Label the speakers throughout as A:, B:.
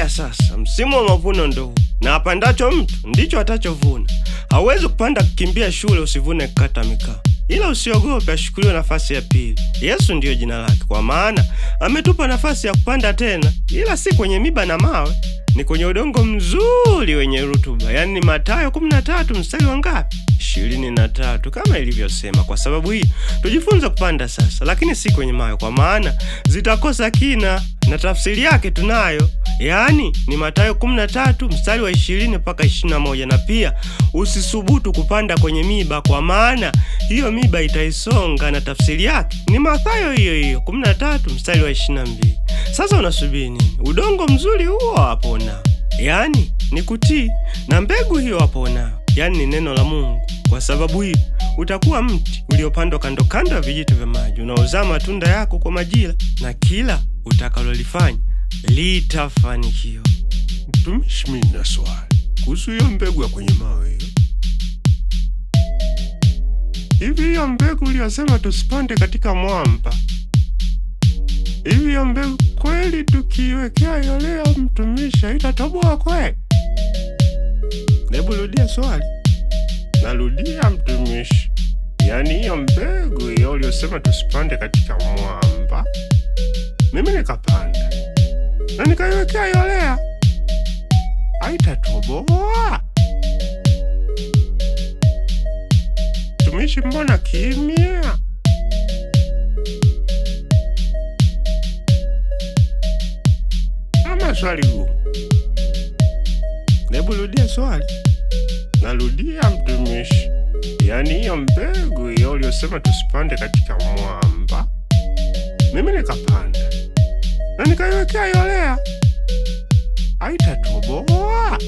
A: Haya sasa, msimu wa mavuno ndo huu, na apandacho mtu ndicho atachovuna. Hauwezi kupanda kukimbia shule usivune kukata mikaa, ila usiogope, ashukuliwe nafasi ya pili. Yesu ndiyo jina lake, kwa maana ametupa nafasi ya kupanda tena, ila si kwenye miba na mawe ni kwenye udongo mzuri wenye rutuba, yaani ni Mathayo 13 mstari wa ngapi? 23, kama ilivyosema. Kwa sababu hii tujifunze kupanda sasa, lakini si kwenye mawe, kwa maana zitakosa kina, na tafsiri yake tunayo, yaani ni Mathayo 13 mstari wa 20 mpaka 21. Na pia usisubutu kupanda kwenye miba, kwa maana hiyo miba itaisonga, na tafsiri yake ni Mathayo hiyo hiyo 13 mstari wa 22. Sasa unasubiri Udongo mzuri huo wapona, yaani ni kutii, na mbegu hiyo wapona, yaani ni neno la Mungu. Kwa sababu hiyo utakuwa mti uliopandwa kando kando ya vijito vya maji, unaozaa matunda yako kwa majira, na kila utakalolifanya litafanikiwa.
B: Mtumishi, mimi na swali kuhusu hiyo mbegu ya kwenye mawe. Hivi hiyo mbegu uliyosema tusipande katika mwamba, hivi hiyo mbegu kweli, tukiiwekea hiyo leo mtumishi itatoboa kweli? Hebu rudia swali. Narudia mtumishi, yaani hiyo mbegu hiyo uliyosema tusipande katika mwamba, mimi nikapanda na nikaiwekea hiyo lea, mtumishi? Mbona kimya? swali huo? hebu rudia swali. Narudia mtumishi, yaani hiyo mbegu hiyo uliosema tusipande katika mwamba, mimi nikapanda na nikaiwekea yolea, haitatoboa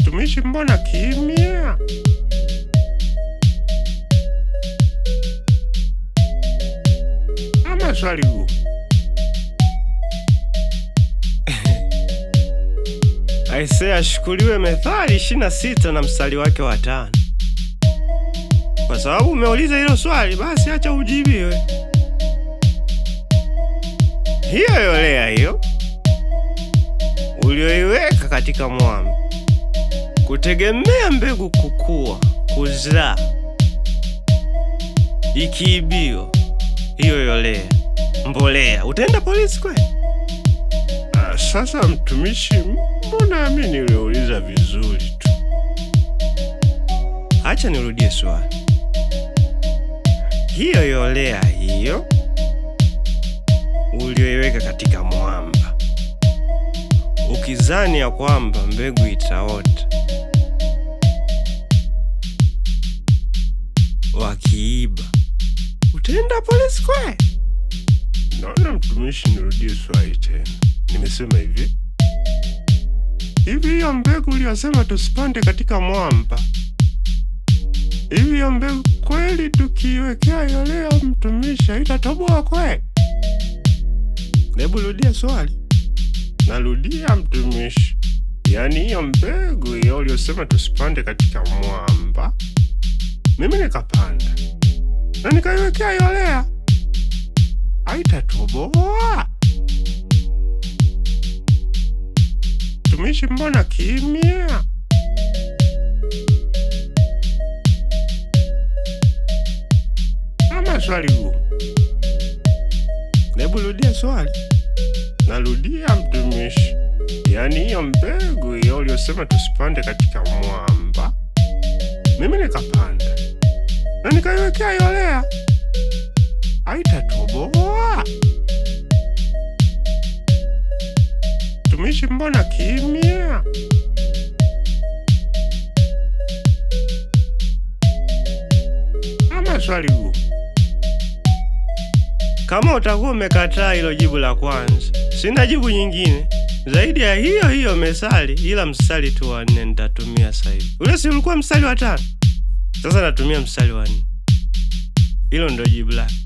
B: mtumishi? Mbona kimya? Ama swali huo Aise, ashukuriwe Methali 26 na mstari wake wa tano. Kwa sababu umeuliza hilo swali, basi acha ujibiwe. Hiyo yolea hiyo ulioiweka katika mwamba, kutegemea mbegu kukua, kuzaa, ikiibiwa hiyo yolea mbolea, utaenda polisi kweli? Sasa mtumishi, mbona mimi niliuliza vizuri tu. Acha nirudie swali. Hiyo yolea hiyo uliyoiweka katika mwamba, ukizani ya kwamba mbegu itaota, wakiiba utaenda polisi kweli? Naona mtumishi, nirudie swali tena inasema hivi hivi, hiyo mbegu uliyosema tusipande katika mwamba, hivi hiyo mbegu kweli tukiiwekea yolea mtumisha itatoboa kweli? Hebu rudia swali. Narudia mtumishi, yaani hiyo mbegu hiyo uliyosema tusipande katika mwamba, mimi nikapanda na nikaiwekea yolea, haitatoboa? mtumishi, mbona kimya? Ama swali huu, hebu rudia swali. Narudia mtumishi, yaani hiyo mbegu hiyo uliyosema tusipande katika mwamba, mimi nikapanda na nikaiwekea yolea, haitatoboa Mtumishi, mbona kimya? Ama swali huo, kama utakuwa umekataa hilo jibu la kwanza, sina jibu nyingine zaidi ya hiyo hiyo mesali ila mstari tu wa nne nitatumia sasa hivi. Ule si ulikuwa mstari wa tano? Sasa natumia mstari wa nne. Hilo ndio jibu lake.